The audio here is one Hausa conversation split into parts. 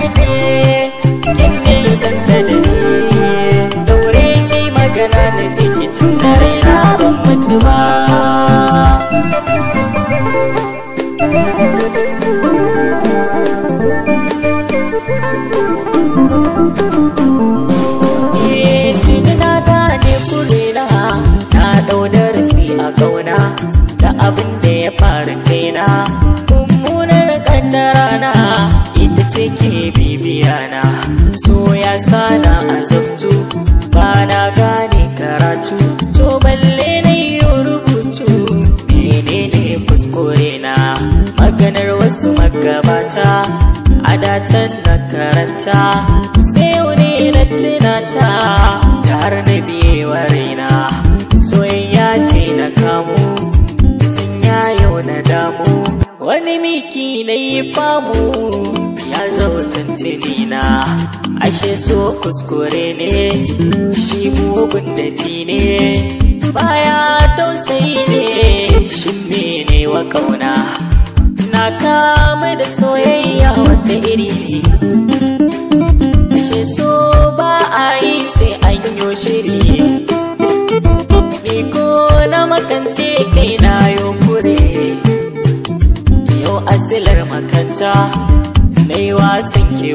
gice kin ne san da ni daure ki magana da ciki tun da raina ban mutu ba eh, kauna da abin da ya faru kaina mummunar kaddara na suke bibiya na so ya sana azabtu ba na gane karatu to balle ne yi rubutu ne kuskure na maganar wasu magabata a datan na karanta sai wani na tunata da har na biyewa raina soyayya ce na kamu sun yayo na damu wani miki na yi famu ya zau tuntunina ashe so kuskure ne shi mugun dafi ne baya tausayi ne shi ne wa kauna na kama da soyayya wata iri ashe so ba a yi sai an yi shiri ni ko na makance kai na yo kure yau asilar makanta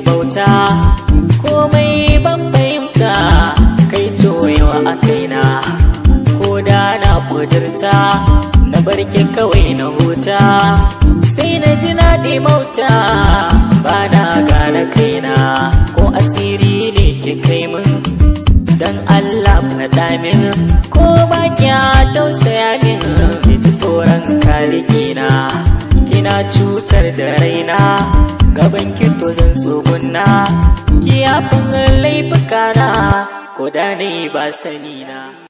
bauta komai ban fahimta kai toyewa a kaina ko da na kudurta na barke kawai na huta sai na ji na mauta ba na gane kaina ko asiri ne ke kai min Don Allah faɗa min ko ba kya tausaya min ji tsoron kalikina kina cutar da raina na kiyafin laifuka na ko da ne ba sani na